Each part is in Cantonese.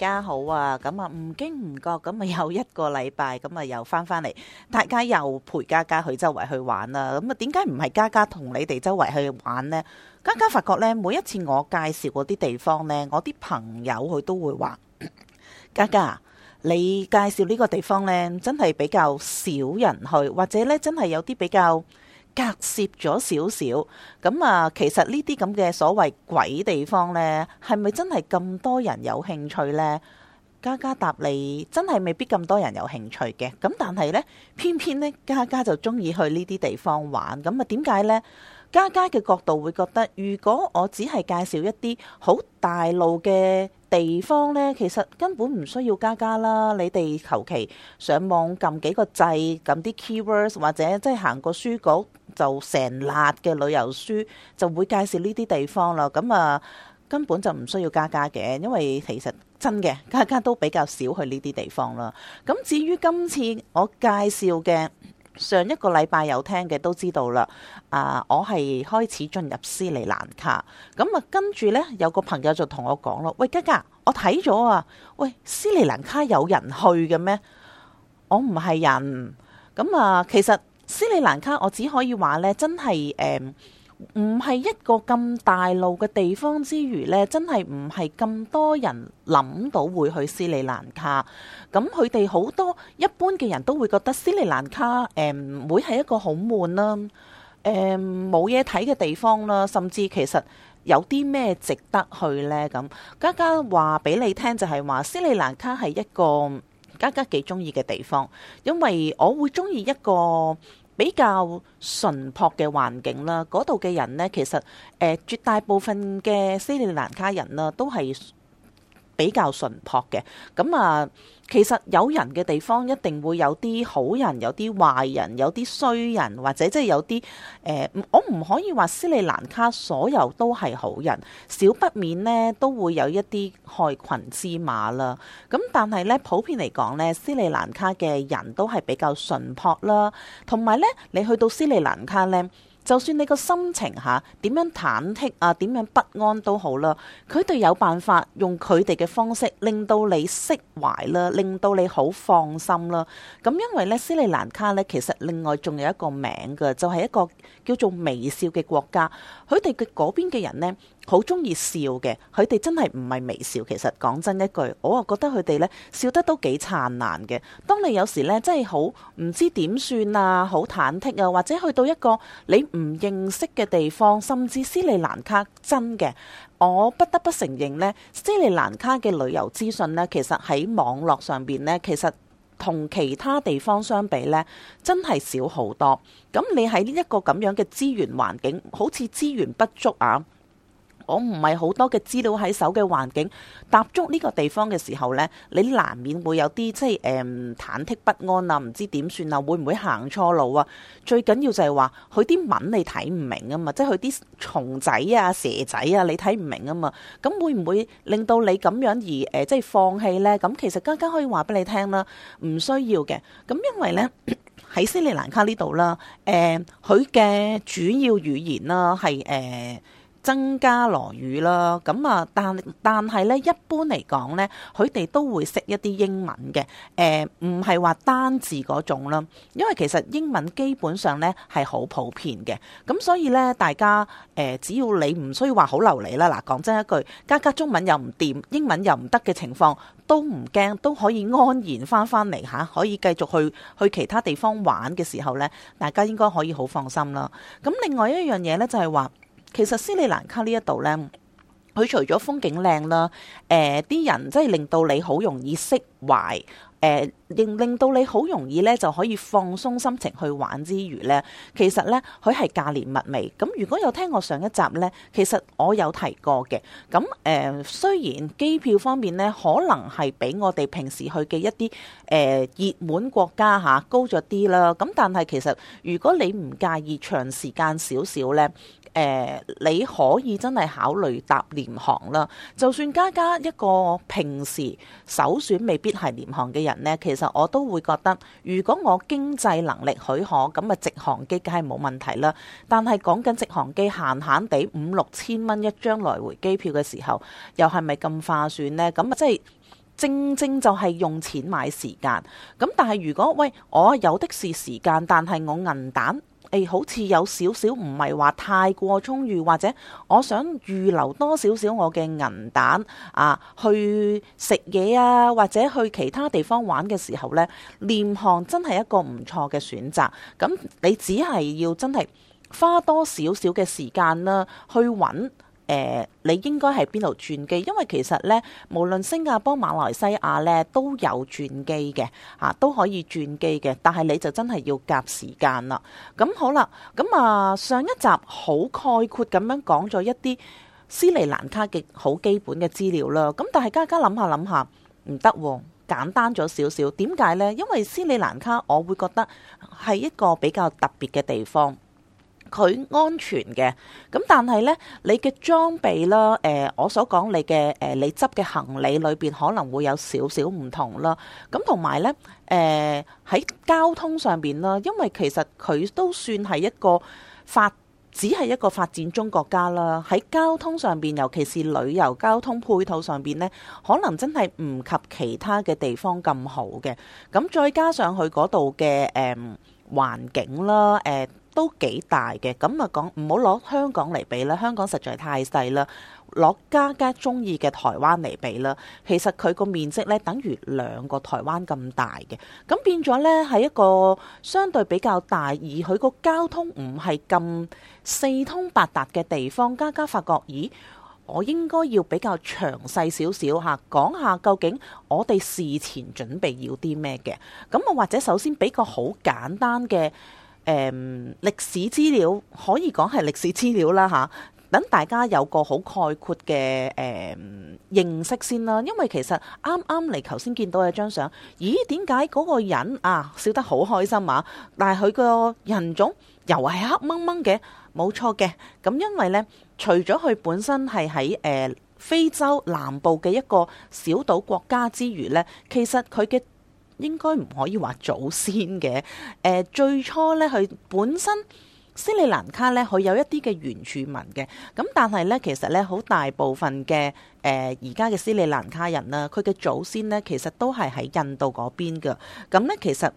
大家好啊，咁啊唔經唔覺咁啊又一個禮拜咁啊又返返嚟，大家又陪嘉嘉去周圍去玩啦，啊。咁啊點解唔係嘉嘉同你哋周圍去玩呢？嘉嘉發覺呢，每一次我介紹嗰啲地方呢，我啲朋友佢都會話：嘉嘉，你介紹呢個地方呢，真係比較少人去，或者呢，真係有啲比較。隔涉咗少少，咁啊，其實呢啲咁嘅所謂鬼地方呢，係咪真係咁多人有興趣呢？家家答你真係未必咁多人有興趣嘅。咁但係呢，偏偏呢家家就中意去呢啲地方玩。咁啊，點解呢？家家嘅角度會覺得，如果我只係介紹一啲好大路嘅。地方呢，其實根本唔需要加加啦。你哋求其上網撳幾個掣，撳啲 keywords 或者即係行過書局，就成沓嘅旅遊書就會介紹呢啲地方啦。咁啊，根本就唔需要加加嘅，因為其實真嘅，加加都比較少去呢啲地方啦。咁至於今次我介紹嘅。上一個禮拜有聽嘅都知道啦，啊，我係開始進入斯里蘭卡，咁啊跟住呢，有個朋友就同我講咯，喂嘉嘉，我睇咗啊，喂斯里蘭卡有人去嘅咩？我唔係人，咁、嗯、啊、嗯、其實斯里蘭卡我只可以話呢，真係誒。嗯唔係一個咁大路嘅地方之餘呢，真係唔係咁多人諗到會去斯里蘭卡。咁佢哋好多一般嘅人都會覺得斯里蘭卡誒會係一個好悶啦，誒冇嘢睇嘅地方啦。甚至其實有啲咩值得去呢？咁嘉嘉話俾你聽就係話斯里蘭卡係一個嘉嘉幾中意嘅地方，因為我會中意一個比較淳樸嘅環境啦，嗰度嘅人呢，其實誒、呃、絕大部分嘅斯里蘭卡人呢，都係比較淳樸嘅，咁啊。其實有人嘅地方一定會有啲好人，有啲壞人，有啲衰人，或者即係有啲誒、呃，我唔可以話斯里蘭卡所有都係好人，少不免呢都會有一啲害群之馬啦。咁但係呢，普遍嚟講呢，斯里蘭卡嘅人都係比較淳樸啦，同埋呢，你去到斯里蘭卡呢。就算你個心情嚇點樣忐忑啊，點樣不安都好啦，佢哋有辦法用佢哋嘅方式令到你釋懷啦，令到你好放心啦。咁因為咧，斯里蘭卡咧，其實另外仲有一個名嘅，就係一個叫做微笑嘅國家。佢哋嘅嗰邊嘅人咧。好中意笑嘅，佢哋真係唔係微笑。其實講真一句，我啊覺得佢哋呢笑得都幾燦爛嘅。當你有時呢，真係好唔知點算啊，好忐忑啊，或者去到一個你唔認識嘅地方，甚至斯里蘭卡，真嘅，我不得不承認呢，斯里蘭卡嘅旅遊資訊呢，其實喺網絡上邊呢，其實同其他地方相比呢，真係少好多。咁你喺呢一個咁樣嘅資源環境，好似資源不足啊。我唔係好多嘅資料喺手嘅環境，踏足呢個地方嘅時候呢，你難免會有啲即係誒、嗯、忐忑不安啊，唔知點算啊，會唔會行錯路啊？最緊要就係話佢啲文你睇唔明啊嘛，即係佢啲蟲仔啊、蛇仔啊，你睇唔明啊嘛。咁會唔會令到你咁樣而誒、呃、即係放棄呢？咁其實更加可以話俾你聽啦，唔需要嘅。咁因為呢，喺斯里蘭卡呢度啦，誒佢嘅主要語言啦係誒。呃增加僧伽羅語啦，咁啊，但但係咧，一般嚟講咧，佢哋都會識一啲英文嘅，誒、呃，唔係話單字嗰種咯。因為其實英文基本上咧係好普遍嘅，咁所以咧，大家誒、呃，只要你唔需要話好流利啦，嗱，講真一句，加加中文又唔掂，英文又唔得嘅情況，都唔驚，都可以安然翻翻嚟嚇，可以繼續去去其他地方玩嘅時候咧，大家應該可以好放心啦。咁另外一樣嘢咧，就係話。其實斯里蘭卡呢一度呢，佢除咗風景靚啦，誒、呃、啲人即係令到你好容易釋懷，誒、呃、令令到你好容易呢就可以放鬆心情去玩之餘呢。其實呢，佢係價廉物美。咁如果有聽我上一集呢，其實我有提過嘅。咁誒、呃，雖然機票方面呢，可能係比我哋平時去嘅一啲誒熱門國家嚇高咗啲啦，咁但係其實如果你唔介意長時間少少呢。誒、呃，你可以真係考慮搭廉航啦。就算加加一個平時首選未必係廉航嘅人呢，其實我都會覺得，如果我經濟能力許可，咁咪直航機梗係冇問題啦。但係講緊直航機限限，閒閒地五六千蚊一張來回機票嘅時候，又係咪咁划算呢？咁即係正正就係用錢買時間。咁但係如果喂，我有的是時間，但係我銀彈。誒、哎、好似有少少唔係話太過充裕，或者我想預留多少少我嘅銀彈啊，去食嘢啊，或者去其他地方玩嘅時候呢，廉航真係一個唔錯嘅選擇。咁你只係要真係花多少少嘅時間啦，去揾。誒、呃，你應該喺邊度轉機？因為其實呢，無論新加坡、馬來西亞呢都有轉機嘅，嚇、啊、都可以轉機嘅。但係你就真係要夾時間啦。咁好啦，咁啊上一集好概括咁樣講咗一啲斯里蘭卡嘅好基本嘅資料啦。咁但係大家諗下諗下，唔得，簡單咗少少。點解呢？因為斯里蘭卡，我會覺得係一個比較特別嘅地方。佢安全嘅，咁但係咧，你嘅裝備啦，誒、呃，我所講你嘅誒、呃，你執嘅行李裏邊可能會有少少唔同啦，咁同埋咧，誒、呃，喺交通上邊啦，因為其實佢都算係一個發，只係一個發展中國家啦，喺交通上邊，尤其是旅遊交通配套上邊咧，可能真係唔及其他嘅地方咁好嘅，咁再加上佢嗰度嘅誒環境啦，誒、呃。都幾大嘅，咁啊，講唔好攞香港嚟比啦，香港實在太細啦。攞家家中意嘅台灣嚟比啦，其實佢個面積呢，等於兩個台灣咁大嘅，咁變咗呢，係一個相對比較大，而佢個交通唔係咁四通八達嘅地方。家家發覺，咦，我應該要比較詳細少少吓，講下究竟我哋事前準備要啲咩嘅？咁我或者首先俾個好簡單嘅。誒，歷、嗯、史資料可以講係歷史資料啦吓，等、啊、大家有個好概括嘅誒、嗯、認識先啦。因為其實啱啱嚟，頭先見到嘅張相，咦？點解嗰個人啊笑得好開心啊？但係佢個人種又係黑掹掹嘅，冇錯嘅。咁因為呢，除咗佢本身係喺誒非洲南部嘅一個小島國家之餘呢，其實佢嘅應該唔可以話祖先嘅，誒、呃、最初咧，佢本身斯里蘭卡咧，佢有一啲嘅原住民嘅，咁但係咧，其實咧，好大部分嘅誒而家嘅斯里蘭卡人啦，佢嘅祖先咧，其實都係喺印度嗰邊嘅，咁咧其實。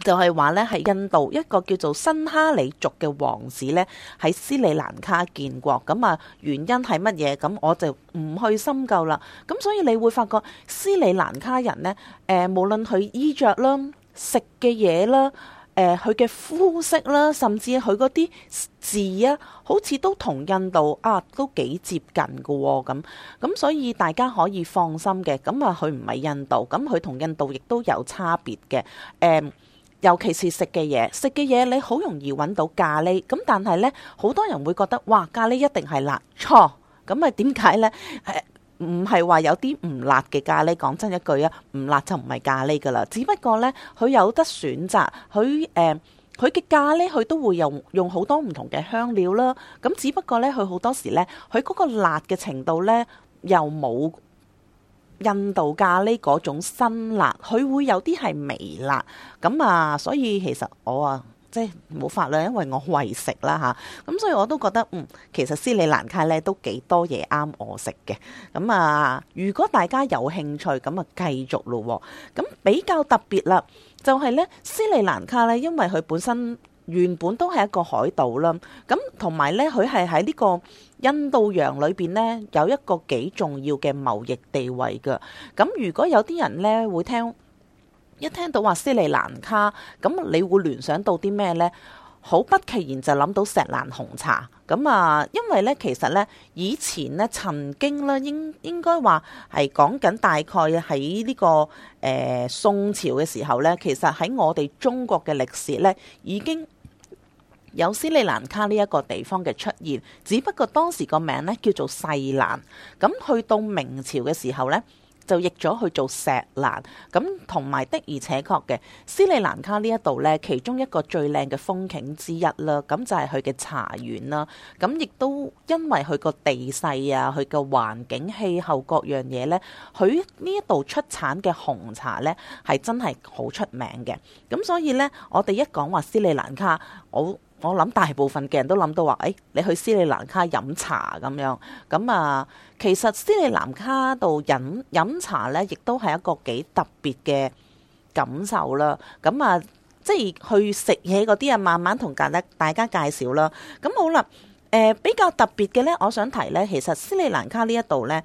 就係話呢，係印度一個叫做新哈里族嘅王子呢，喺斯里蘭卡建國。咁、嗯、啊，原因係乜嘢？咁、嗯、我就唔去深究啦。咁、嗯、所以你會發覺斯里蘭卡人呢，誒、呃，無論佢衣着啦、食嘅嘢啦、誒、呃，佢嘅膚色啦，甚至佢嗰啲字啊，好似都同印度啊都幾接近嘅喎、哦。咁、嗯、咁、嗯，所以大家可以放心嘅。咁、嗯、啊，佢唔係印度，咁佢同印度亦都有差別嘅。誒、嗯。尤其是食嘅嘢，食嘅嘢你好容易揾到咖喱，咁但係呢，好多人會覺得哇，咖喱一定係辣，錯！咁啊點解呢？唔係話有啲唔辣嘅咖喱，講真一句啊，唔辣就唔係咖喱噶啦。只不過呢，佢有得選擇，佢誒，佢、呃、佢嘅咖喱佢都會用用好多唔同嘅香料啦。咁只不過呢，佢好多時呢，佢嗰個辣嘅程度呢，又冇。印度咖喱嗰種辛辣，佢會有啲係微辣，咁啊，所以其實我啊，即係冇法啦，因為我為食啦吓。咁、啊、所以我都覺得嗯，其實斯里蘭卡咧都幾多嘢啱我食嘅，咁啊，如果大家有興趣咁啊，繼續咯，咁比較特別啦，就係、是、咧斯里蘭卡咧，因為佢本身，原本都係一個海島啦，咁同埋呢，佢係喺呢個印度洋裏邊呢，有一個幾重要嘅貿易地位嘅。咁如果有啲人呢，會聽一聽到話斯里蘭卡，咁你會聯想到啲咩呢？好不期然就諗到錫蘭紅茶。咁啊，因為呢，其實呢，以前呢，曾經呢，應應該話係講緊大概喺呢個、誒、呃、宋朝嘅時候呢，其實喺我哋中國嘅歷史呢已經，有斯里蘭卡呢一個地方嘅出現，只不過當時個名呢叫做細蘭，咁去到明朝嘅時候呢，就譯咗去做石蘭，咁同埋的而且確嘅斯里蘭卡呢一度呢，其中一個最靚嘅風景之一啦，咁就係佢嘅茶園啦。咁亦都因為佢個地勢啊，佢個環境、氣候各樣嘢呢，佢呢一度出產嘅紅茶呢係真係好出名嘅。咁所以呢，我哋一講話斯里蘭卡，我我諗大部分嘅人都諗到話，誒、哎，你去斯里蘭卡飲茶咁樣，咁、嗯、啊，其實斯里蘭卡度飲飲茶呢，亦都係一個幾特別嘅感受啦。咁、嗯、啊，即係去食嘢嗰啲啊，慢慢同大家介紹啦。咁、嗯、好啦，誒、呃，比較特別嘅呢，我想提呢，其實斯里蘭卡呢一度呢。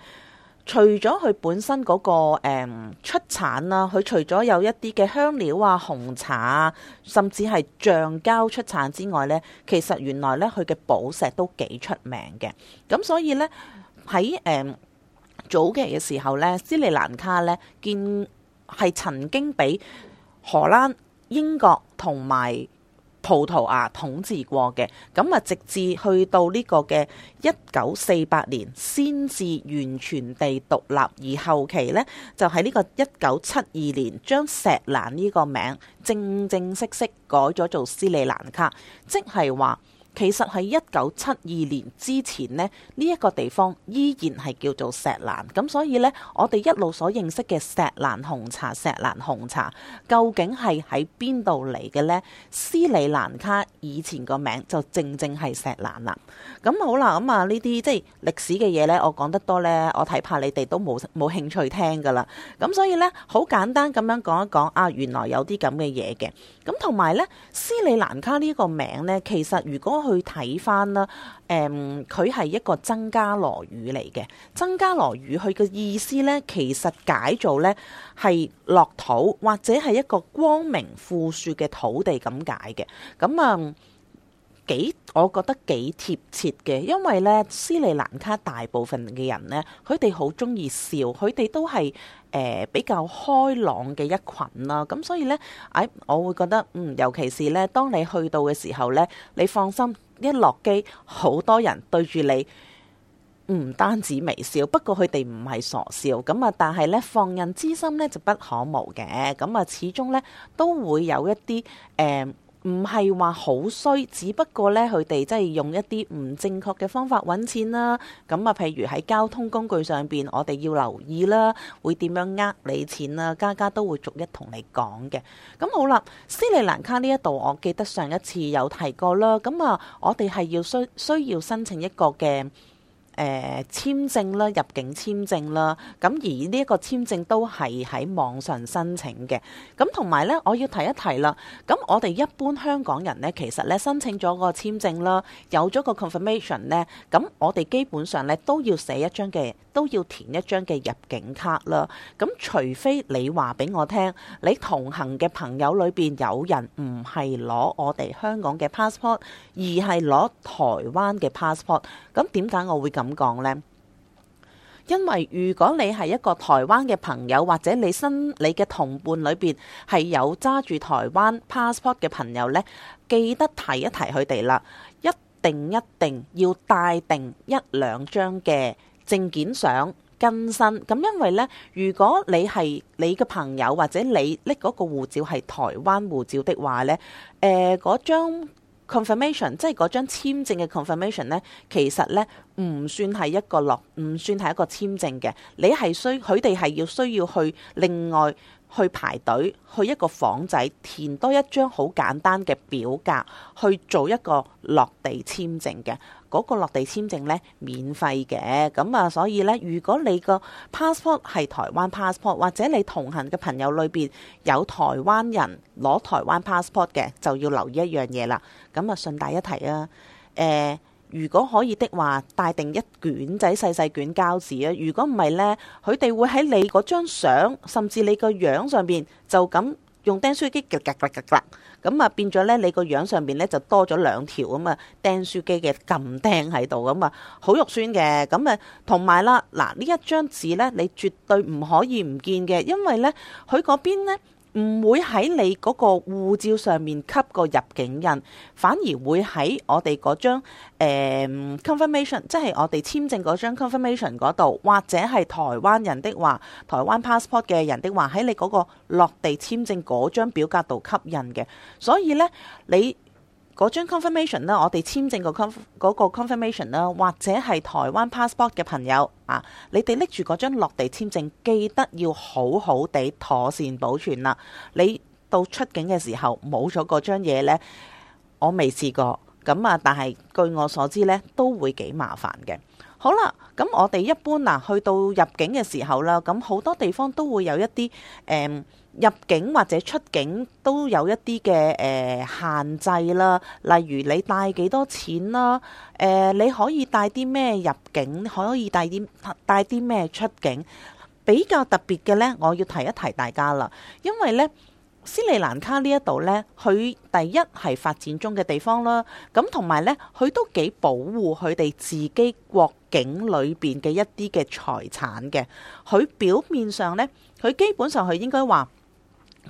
除咗佢本身嗰、那個誒、嗯、出產啦、啊，佢除咗有一啲嘅香料啊、紅茶啊，甚至係橡膠出產之外咧，其實原來咧佢嘅寶石都幾出名嘅。咁所以咧喺誒早期嘅時候咧，斯里蘭卡咧見係曾經俾荷蘭、英國同埋。葡萄牙統治過嘅，咁啊直至去到呢個嘅一九四八年先至完全地獨立。而後期呢，就喺呢個一九七二年將石蘭呢個名正正式式改咗做斯里蘭卡，即係話。其實喺一九七二年之前呢，呢、這、一個地方依然係叫做石蘭。咁所以呢，我哋一路所認識嘅石蘭紅茶、石蘭紅茶，究竟係喺邊度嚟嘅呢？斯里蘭卡以前個名就正正係石蘭啦。咁好啦，咁啊呢啲即係歷史嘅嘢呢，我講得多呢，我睇怕你哋都冇冇興趣聽㗎啦。咁所以呢，好簡單咁樣講一講啊，原來有啲咁嘅嘢嘅。咁同埋呢，斯里蘭卡呢個名呢，其實如果去睇返啦，誒、嗯，佢係一個僧伽羅語嚟嘅，僧伽羅語佢嘅意思呢，其實解做呢係落土，或者係一個光明富庶嘅土地咁解嘅，咁、嗯、啊。幾，我覺得幾貼切嘅，因為咧斯里蘭卡大部分嘅人咧，佢哋好中意笑，佢哋都係誒、呃、比較開朗嘅一群啦、啊。咁所以咧，誒、哎、我會覺得嗯，尤其是咧，當你去到嘅時候咧，你放心一落機，好多人對住你唔單止微笑，不過佢哋唔係傻笑咁啊。但係咧，防人之心咧就不可無嘅。咁、嗯、啊，始終咧都會有一啲誒。呃唔係話好衰，只不過呢，佢哋真係用一啲唔正確嘅方法揾錢啦、啊。咁啊，譬如喺交通工具上邊，我哋要留意啦，會點樣呃你錢啦、啊，家家都會逐一同你講嘅。咁好啦，斯里蘭卡呢一度，我記得上一次有提過啦。咁啊，我哋係要需需要申請一個嘅。誒、呃、簽證啦，入境簽證啦，咁而呢一個簽證都係喺網上申請嘅，咁同埋呢，我要提一提啦，咁我哋一般香港人呢，其實呢申請咗個簽證啦，有咗個 confirmation 呢。咁我哋基本上呢都要寫一張嘅。都要填一張嘅入境卡啦。咁除非你話俾我聽，你同行嘅朋友裏邊有人唔係攞我哋香港嘅 passport，而係攞台灣嘅 passport。咁點解我會咁講呢？因為如果你係一個台灣嘅朋友，或者你身你嘅同伴裏邊係有揸住台灣 passport 嘅朋友呢，記得提一提佢哋啦。一定一定要帶定一兩張嘅。證件相更新咁，因為呢，如果你係你嘅朋友或者你拎嗰個護照係台灣護照的話呢，誒嗰、呃、張 confirmation 即係嗰張簽證嘅 confirmation 呢，其實呢唔算係一個落，唔算係一個簽證嘅。你係需佢哋係要需要去另外去排隊去一個房仔填多一張好簡單嘅表格去做一個落地簽證嘅。嗰個落地簽證呢，免費嘅。咁啊，所以呢，如果你個 passport 係台灣 passport 或者你同行嘅朋友裏邊有台灣人攞台灣 passport 嘅，就要留意一樣嘢啦。咁啊，順帶一提啊，誒、呃，如果可以的話，帶定一卷仔細細卷膠紙啊。如果唔係呢，佢哋會喺你嗰張相甚至你個樣上邊就咁，用釘書機嘅，㗎㗎㗎。咁啊變咗咧，你個樣上邊咧就多咗兩條啊嘛，釘書機嘅撳釘喺度咁啊，好肉酸嘅，咁啊同埋啦，嗱呢一張紙咧，你絕對唔可以唔見嘅，因為咧佢嗰邊咧。唔會喺你嗰個護照上面吸個入，入境印，反而會喺我哋嗰張，嗯、confirmation，即係我哋簽證嗰張 confirmation 嗰度，或者係台灣人的話，台灣 passport 嘅人的話，喺你嗰個落地簽證嗰張表格度吸印嘅，所以呢，你。嗰張 confirmation 呢，我哋簽證個 confirmation 呢，或者係台灣 passport 嘅朋友啊，你哋拎住嗰張落地簽證，記得要好好地妥善保存啦。你到出境嘅時候冇咗嗰張嘢呢，我未試過。咁啊，但係據我所知呢都會幾麻煩嘅。好啦，咁我哋一般嗱，去到入境嘅時候啦，咁好多地方都會有一啲誒、呃、入境或者出境都有一啲嘅誒限制啦。例如你帶幾多錢啦、啊？誒、呃，你可以帶啲咩入境？可以帶啲帶啲咩出境？比較特別嘅呢，我要提一提大家啦，因為呢。斯里蘭卡呢一度呢，佢第一係發展中嘅地方啦，咁同埋呢，佢都幾保護佢哋自己國境裏邊嘅一啲嘅財產嘅。佢表面上呢，佢基本上佢應該話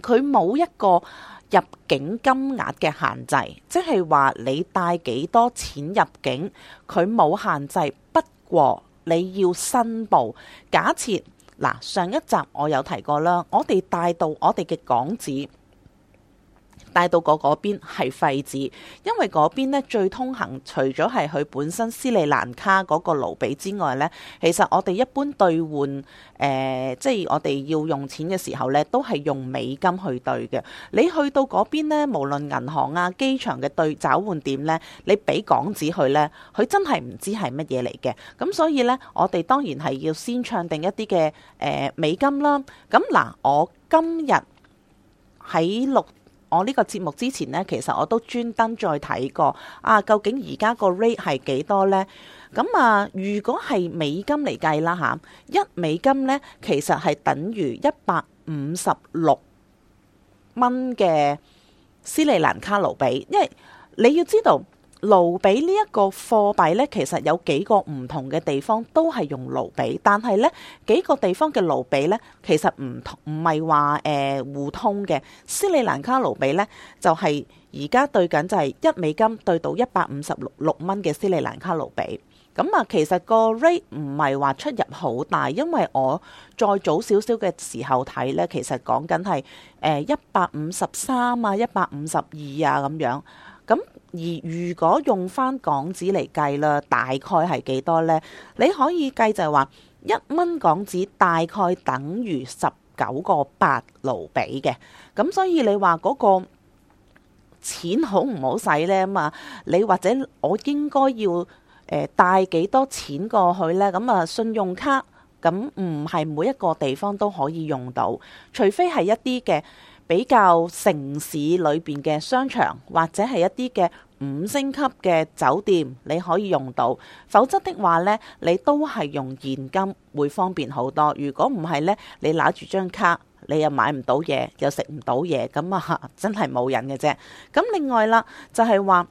佢冇一個入境金額嘅限制，即係話你帶幾多錢入境，佢冇限制。不過你要申報，假設。嗱，上一集我有提過啦，我哋帶到我哋嘅港紙。帶到過嗰邊係廢紙，因為嗰邊咧最通行，除咗係佢本身斯里蘭卡嗰個盧比之外咧，其實我哋一般兌換誒即係我哋要用錢嘅時候咧，都係用美金去兌嘅。你去到嗰邊咧，無論銀行啊、機場嘅兌找換點咧，你俾港紙去咧，佢真係唔知係乜嘢嚟嘅。咁所以咧，我哋當然係要先唱定一啲嘅誒美金啦。咁嗱，我今日喺六。我呢個節目之前呢，其實我都專登再睇過啊，究竟而家個 rate 係幾多呢？咁啊，如果係美金嚟計啦嚇，一美金呢，其實係等於一百五十六蚊嘅斯里蘭卡盧比，因為你要知道。盧比呢一個貨幣呢，其實有幾個唔同嘅地方都係用盧比，但係呢幾個地方嘅盧比呢，其實唔同唔係話誒互通嘅。斯里蘭卡盧比呢，就係而家對緊就係一美金對到一百五十六六蚊嘅斯里蘭卡盧比。咁、嗯、啊，其實個 rate 唔係話出入好大，因為我再早少少嘅時候睇呢，其實講緊係誒一百五十三啊、一百五十二啊咁樣。而如果用翻港紙嚟計啦，大概係幾多呢？你可以計就係話一蚊港紙大概等於十九個八盧比嘅，咁所以你話嗰個錢好唔好使呢？咁啊，你或者我應該要誒帶幾多錢過去呢？咁啊，信用卡咁唔係每一個地方都可以用到，除非係一啲嘅比較城市裏邊嘅商場或者係一啲嘅五星級嘅酒店，你可以用到。否則的話呢，你都係用現金會方便好多。如果唔係呢，你攞住張卡，你又買唔到嘢，又食唔到嘢，咁啊真係冇癮嘅啫。咁另外啦，就係話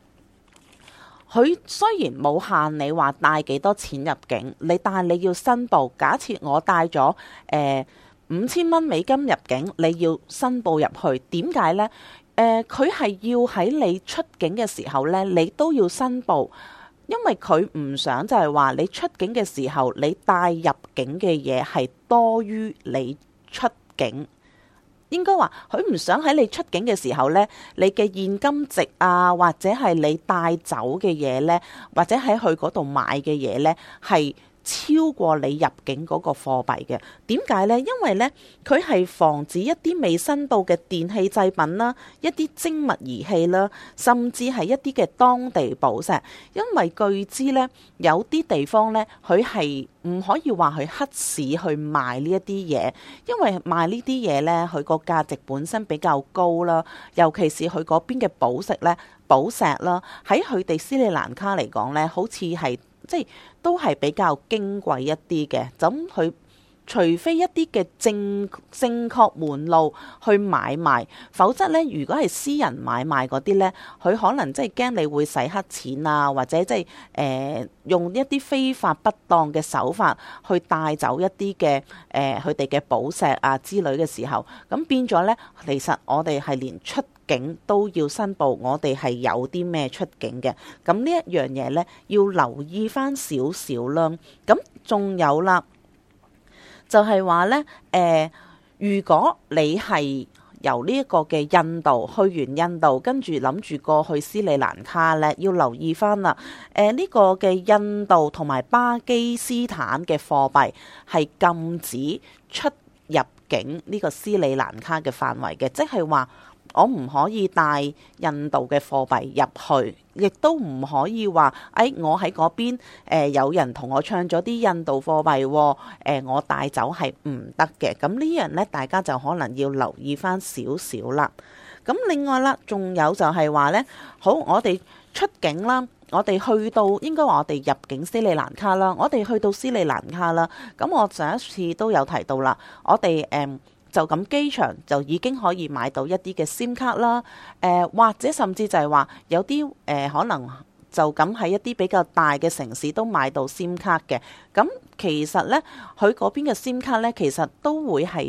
佢雖然冇限你話帶幾多錢入境，你但係你要申報。假設我帶咗誒，呃五千蚊美金入境，你要申報入去？點解呢？誒、呃，佢係要喺你出境嘅時候呢，你都要申報，因為佢唔想就係話你出境嘅時候，你帶入境嘅嘢係多於你出境。應該話佢唔想喺你出境嘅時候呢，你嘅現金值啊，或者係你帶走嘅嘢呢，或者喺佢嗰度買嘅嘢呢，係。超過你入境嗰個貨幣嘅點解呢？因為呢，佢係防止一啲未申報嘅電器製品啦，一啲精密儀器啦，甚至係一啲嘅當地寶石。因為據知呢，有啲地方呢，佢係唔可以話去黑市去賣呢一啲嘢，因為賣呢啲嘢呢，佢個價值本身比較高啦，尤其是佢嗰邊嘅寶石呢。寶石啦，喺佢哋斯里蘭卡嚟講呢，好似係。即係、就是、都係比較矜貴一啲嘅，咁、就、佢、是、除非一啲嘅正正確門路去買賣，否則呢，如果係私人買賣嗰啲呢，佢可能即係驚你會洗黑錢啊，或者即係誒用一啲非法不當嘅手法去帶走一啲嘅誒佢哋嘅寶石啊之類嘅時候，咁變咗呢，其實我哋係連出。警都要申報，我哋係有啲咩出境嘅咁呢一樣嘢呢，要留意翻少少啦。咁仲有啦，就係、是、話呢。誒、呃，如果你係由呢一個嘅印度去完印度，跟住諗住過去斯里蘭卡呢，要留意翻啦。誒、呃，呢、這個嘅印度同埋巴基斯坦嘅貨幣係禁止出入境呢、這個斯里蘭卡嘅範圍嘅，即係話。我唔可以帶印度嘅貨幣入去，亦都唔可以話，誒、哎，我喺嗰邊、呃、有人同我唱咗啲印度貨幣，誒、呃、我帶走係唔得嘅。咁呢樣呢，大家就可能要留意返少少啦。咁另外啦，仲有就係話呢，好，我哋出境啦，我哋去到應該話我哋入境斯里蘭卡啦，我哋去到斯里蘭卡啦。咁我上一次都有提到啦，我哋誒。嗯就咁，機場就已經可以買到一啲嘅 SIM 卡啦。誒、呃，或者甚至就係話有啲誒、呃，可能就咁喺一啲比較大嘅城市都買到 SIM 卡嘅。咁、嗯、其實呢，佢嗰邊嘅 SIM 卡呢，其實都會係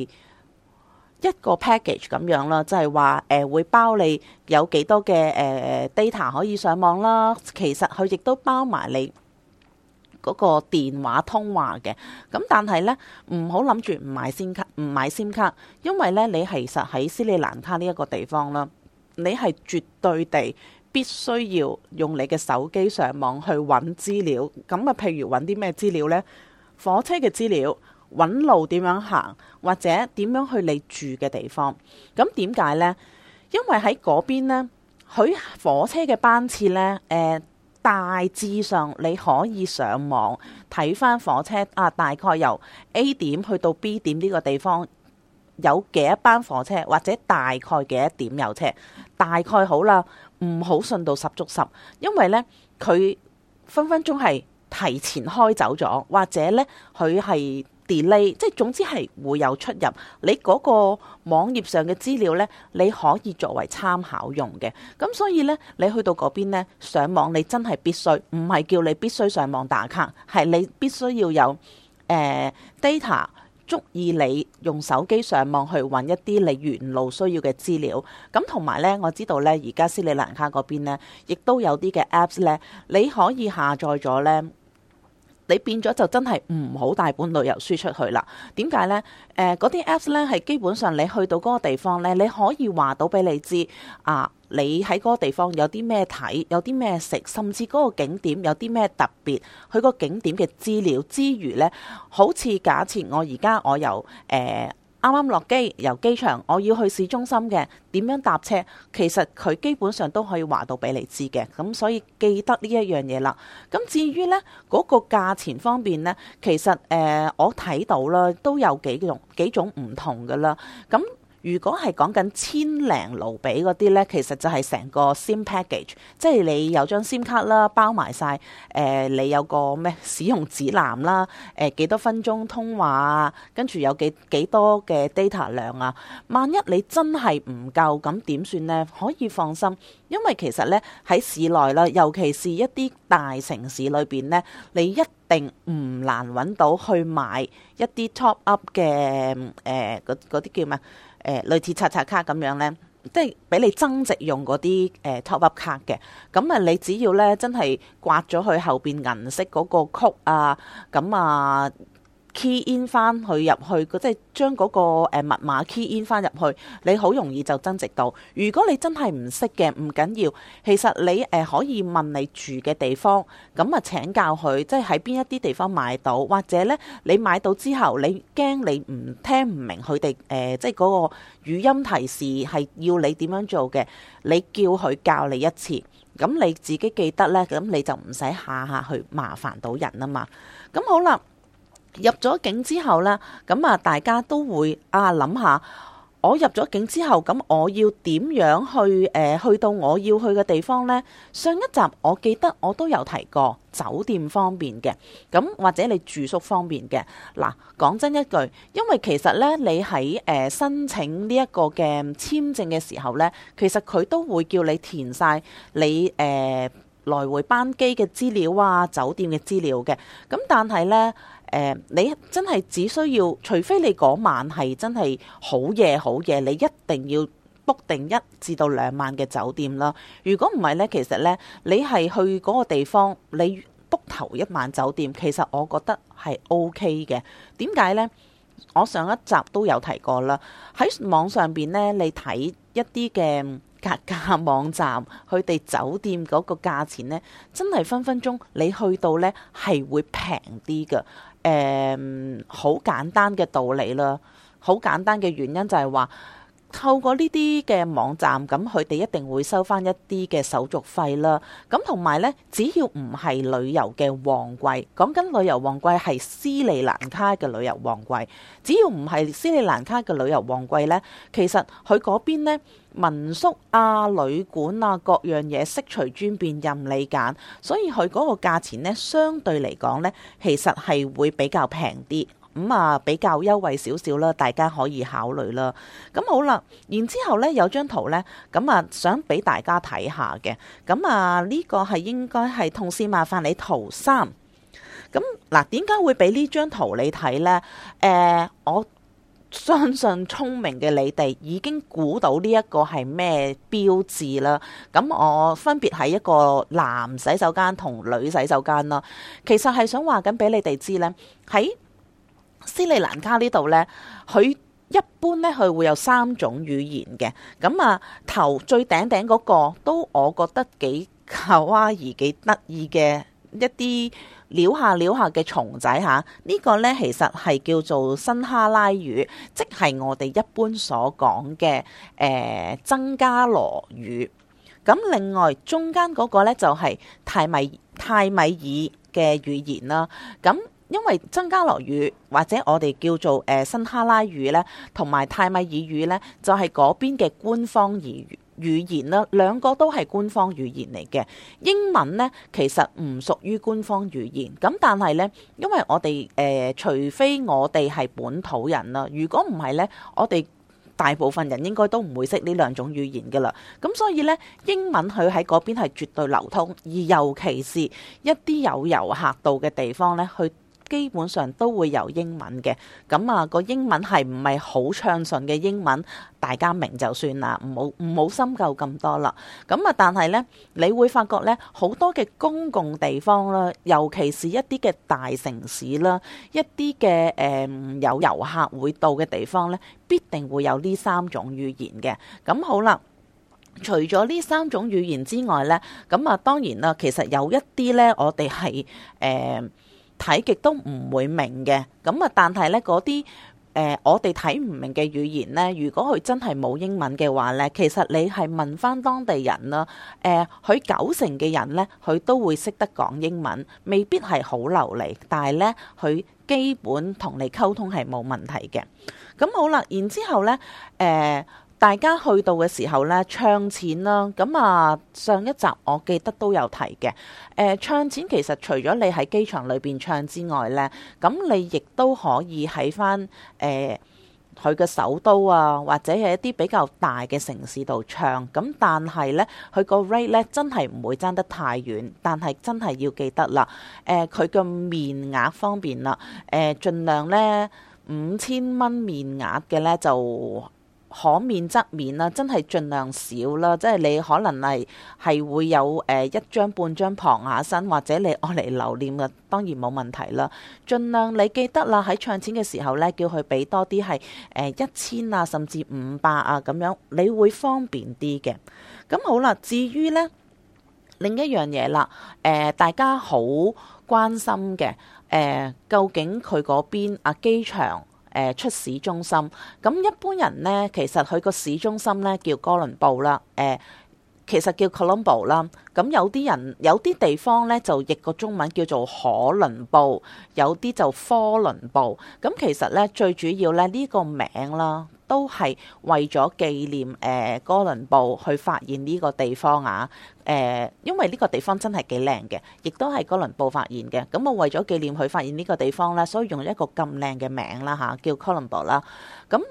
一個 package 咁樣啦，就係話誒會包你有幾多嘅誒 data 可以上網啦。其實佢亦都包埋你，嗰個電話通話嘅，咁但係呢，唔好諗住唔買 SIM 卡，唔買 SIM 卡，因為呢，你其實喺斯里蘭卡呢一個地方啦，你係絕對地必須要用你嘅手機上網去揾資料。咁啊，譬如揾啲咩資料呢？火車嘅資料，揾路點樣行，或者點樣去你住嘅地方？咁點解呢？因為喺嗰邊呢，佢火車嘅班次呢。誒、呃。大致上，你可以上網睇返火車啊，大概由 A 點去到 B 點呢個地方有幾一班火車，或者大概幾一點有車。大概好啦，唔好信到十足十，因為呢，佢分分鐘係提前開走咗，或者呢，佢係。delay，即係總之係會有出入。你嗰個網頁上嘅資料呢，你可以作為參考用嘅。咁所以呢，你去到嗰邊呢，上網，你真係必須，唔係叫你必須上網打卡，係你必須要有誒、呃、data，足以你用手機上網去揾一啲你沿路需要嘅資料。咁同埋呢，我知道呢，而家斯里蘭卡嗰邊呢，亦都有啲嘅 apps 呢，你可以下載咗呢。你變咗就真係唔好帶本旅遊書出去啦。點解呢？誒、呃，嗰啲 Apps 咧係基本上你去到嗰個地方咧，你可以話到俾你知啊，你喺嗰個地方有啲咩睇，有啲咩食，甚至嗰個景點有啲咩特別，佢個景點嘅資料之餘呢，好似假設我而家我由誒、呃啱啱落機，由機場我要去市中心嘅，點樣搭車？其實佢基本上都可以話到俾你知嘅，咁所以記得呢一樣嘢啦。咁至於呢嗰個價錢方面呢，其實誒我睇到啦，都有幾種幾種唔同噶啦，咁。如果係講緊千零盧比嗰啲呢，其實就係成個 sim package，即係你有張 sim 卡啦，包埋晒。誒、呃，你有個咩使用指南啦，誒、呃、幾多分鐘通話啊，跟住有幾幾多嘅 data 量啊。萬一你真係唔夠咁點算呢？可以放心，因為其實呢，喺市內啦，尤其是一啲大城市裏邊呢，你一定唔難揾到去買一啲 top up 嘅誒嗰啲叫咩？誒類似刷刷卡咁樣咧，即係俾你增值用嗰啲誒 top up 卡嘅，咁啊你只要咧真係刮咗佢後邊銀色嗰個曲啊，咁啊～key in 翻去入去，即係將嗰個密碼 key in 翻入去，你好容易就增值到。如果你真係唔識嘅，唔緊要。其實你誒可以問你住嘅地方，咁啊請教佢，即係喺邊一啲地方買到，或者咧你買到之後，你驚你唔聽唔明佢哋誒，即係嗰個語音提示係要你點樣做嘅，你叫佢教你一次，咁你自己記得咧，咁你就唔使下下去麻煩到人吖嘛。咁好啦。入咗境之後呢，咁啊，大家都會啊諗下，我入咗境之後，咁我要點樣去？誒，去到我要去嘅地方呢？上一集我記得我都有提過酒店方面嘅，咁或者你住宿方面嘅。嗱，講真一句，因為其實呢，你喺誒申請呢一個嘅簽證嘅時候呢，其實佢都會叫你填晒你誒、呃、來回班機嘅資料啊，酒店嘅資料嘅咁，但係呢。誒、呃，你真係只需要，除非你嗰晚係真係好夜好夜，你一定要 book 定一至到兩晚嘅酒店啦。如果唔係呢，其實呢，你係去嗰個地方，你 book 頭一晚酒店，其實我覺得係 OK 嘅。點解呢？我上一集都有提過啦，喺網上邊呢，你睇一啲嘅格價網站，佢哋酒店嗰個價錢呢，真係分分鐘你去到呢，係會平啲嘅。誒，好、um, 簡單嘅道理啦，好簡單嘅原因就係話。透過呢啲嘅網站，咁佢哋一定會收翻一啲嘅手續費啦。咁同埋呢，只要唔係旅遊嘅旺季，講緊旅遊旺季係斯里蘭卡嘅旅遊旺季。只要唔係斯里蘭卡嘅旅遊旺季呢，其實佢嗰邊呢民宿啊、旅館啊各樣嘢悉隨尊便任你揀，所以佢嗰個價錢呢，相對嚟講呢，其實係會比較平啲。咁啊，比較優惠少少啦，大家可以考慮啦。咁好啦，然之後呢，有張圖呢，咁啊想俾大家睇下嘅。咁啊呢個係應該係同事，麻煩你圖三。咁嗱，點解會俾呢張圖你睇呢？誒、呃，我相信聰明嘅你哋已經估到呢一個係咩標誌啦。咁我分別係一個男洗手間同女洗手間啦。其實係想話緊俾你哋知呢。喺斯里蘭卡呢度呢，佢一般呢，佢會有三種語言嘅。咁、嗯、啊，頭最頂頂嗰個都，我覺得幾可愛、幾得意嘅一啲撩下撩下嘅蟲仔嚇。呢、這個呢，其實係叫做辛哈拉語，即係我哋一般所講嘅誒僧伽羅語。咁、嗯、另外中間嗰個呢就係、是、泰米泰米爾嘅語言啦。咁、嗯嗯因為僧伽羅語或者我哋叫做誒、呃、新哈拉語咧，同埋泰米爾語咧，就係嗰邊嘅官方語語言啦。兩個都係官方語言嚟嘅。英文呢，其實唔屬於官方語言。咁但係呢，因為我哋誒、呃，除非我哋係本土人啦，如果唔係呢，我哋大部分人應該都唔會識呢兩種語言噶啦。咁所以呢，英文佢喺嗰邊係絕對流通，而尤其是一啲有遊客到嘅地方呢。去。基本上都會有英文嘅，咁啊，個英文係唔係好暢順嘅英文，大家明就算啦，唔好唔好深究咁多啦。咁啊，但係呢，你會發覺呢，好多嘅公共地方啦，尤其是一啲嘅大城市啦，一啲嘅誒有遊客會到嘅地方呢，必定會有呢三種語言嘅。咁好啦，除咗呢三種語言之外呢，咁啊當然啦，其實有一啲呢，我哋係誒。呃睇極都唔會明嘅，咁啊，但係咧嗰啲誒，我哋睇唔明嘅語言咧，如果佢真係冇英文嘅話咧，其實你係問翻當地人啦，誒、呃，佢九成嘅人咧，佢都會識得講英文，未必係好流利，但係咧，佢基本同你溝通係冇問題嘅。咁、嗯、好啦，然之後咧，誒、呃。大家去到嘅時候呢，唱錢啦、啊。咁啊，上一集我記得都有提嘅。誒、呃，唱錢其實除咗你喺機場裏邊唱之外呢，咁你亦都可以喺返誒佢嘅首都啊，或者係一啲比較大嘅城市度唱。咁但係呢，佢個 rate 呢，真係唔會差得太遠。但係真係要記得啦。誒、呃，佢嘅面額方面啦。誒、呃，盡量呢五千蚊面額嘅呢就。可免則免啦，真係儘量少啦。即係你可能係係會有誒一張半張傍下身，或者你愛嚟留念嘅，當然冇問題啦。儘量你記得啦，喺唱錢嘅時候呢，叫佢俾多啲係誒一千啊，甚至五百啊咁樣，你會方便啲嘅。咁好啦，至於呢另一樣嘢啦，誒、呃、大家好關心嘅誒、呃，究竟佢嗰邊啊機場出市中心，咁一般人呢，其實佢個市中心呢，叫哥倫布啦，呃其實叫 Colombo 啦，咁有啲人有啲地方咧就譯個中文叫做可倫布，有啲就科倫布。咁其實咧最主要咧呢、這個名啦，都係為咗紀念誒、呃、哥倫布去發現呢個地方啊。誒、呃，因為呢個地方真係幾靚嘅，亦都係哥倫布發現嘅。咁我為咗紀念佢發現呢個地方咧，所以用一個咁靚嘅名啦嚇、啊，叫 Colombo 啦、啊。咁、嗯、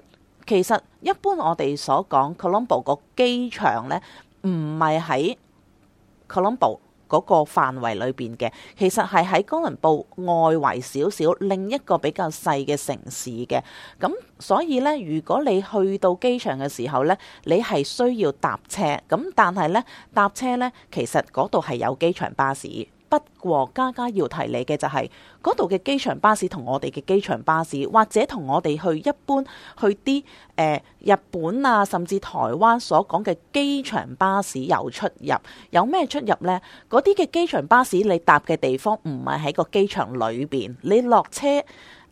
其實一般我哋所講 Colombo 個機場咧。唔係喺 Colombo 嗰個範圍裏邊嘅，其實係喺哥倫布外圍少少另一個比較細嘅城市嘅。咁所以呢，如果你去到機場嘅時候呢，你係需要搭車。咁但係呢，搭車呢，其實嗰度係有機場巴士。不過，家家要提你嘅就係嗰度嘅機場巴士同我哋嘅機場巴士，或者同我哋去一般去啲誒、呃、日本啊，甚至台灣所講嘅機場巴士有出入，有咩出入呢？嗰啲嘅機場巴士你搭嘅地方唔係喺個機場裏邊，你落車誒、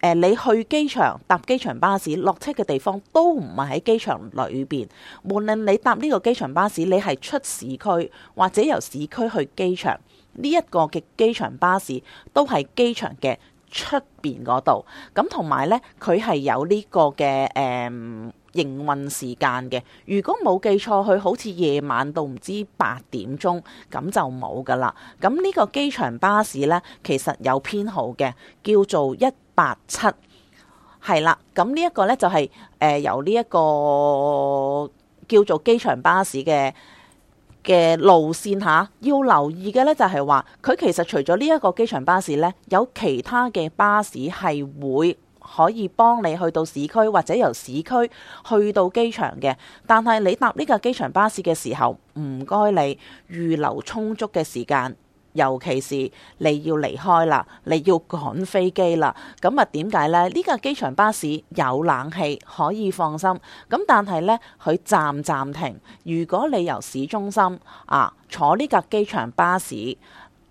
呃，你去機場搭機場巴士落車嘅地方都唔係喺機場裏邊，無論你搭呢個機場巴士，你係出市區或者由市區去機場。呢一個嘅機場巴士都係機場嘅出邊嗰度，咁同埋呢，佢係有呢個嘅誒營運時間嘅。如果冇記錯，佢好似夜晚到唔知八點鐘，咁就冇噶啦。咁呢個機場巴士呢，其實有編號嘅，叫做一八七，係啦。咁呢一個呢，就係、是、誒、呃、由呢、這、一個叫做機場巴士嘅。嘅路線嚇，要留意嘅呢就係話，佢其實除咗呢一個機場巴士呢，有其他嘅巴士係會可以幫你去到市區或者由市區去到機場嘅。但係你搭呢個機場巴士嘅時候，唔該你預留充足嘅時間。尤其是你要離開啦，你要趕飛機啦，咁啊點解呢？呢架機場巴士有冷氣，可以放心。咁但係呢，佢暫暫停。如果你由市中心啊坐呢架機場巴士，誒，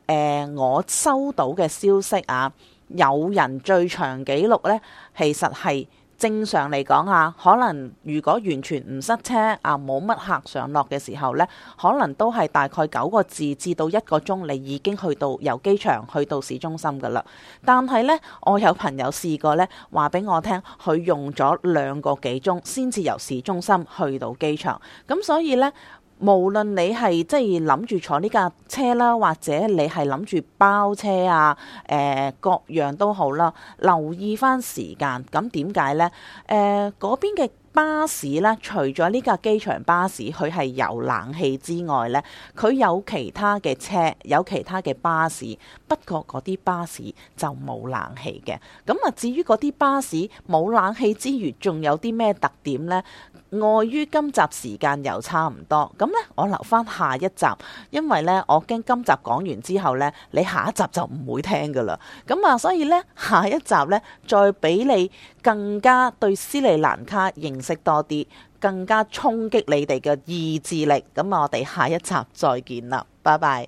啊，我收到嘅消息啊，有人最長紀錄呢，其實係。正常嚟講啊，可能如果完全唔塞車啊，冇乜客上落嘅時候呢，可能都係大概九個字至到一個鐘，你已經去到由機場去到市中心噶啦。但係呢，我有朋友試過呢，話俾我聽，佢用咗兩個幾鐘先至由市中心去到機場，咁所以呢。無論你係即係諗住坐呢架車啦，或者你係諗住包車啊，誒、呃、各樣都好啦。留意翻時間，咁點解呢？誒、呃、嗰邊嘅巴士呢，除咗呢架機場巴士佢係有冷氣之外呢，佢有其他嘅車，有其他嘅巴士。不過嗰啲巴士就冇冷氣嘅。咁啊，至於嗰啲巴士冇冷氣之餘，仲有啲咩特點呢？礙於、呃、今集時間又差唔多，咁呢，我留翻下一集，因為呢，我驚今集講完之後呢，你下一集就唔會聽㗎喇。咁啊，所以呢，下一集呢，再俾你更加對斯里蘭卡認識多啲，更加衝擊你哋嘅意志力。咁啊，我哋下一集再見啦，拜拜。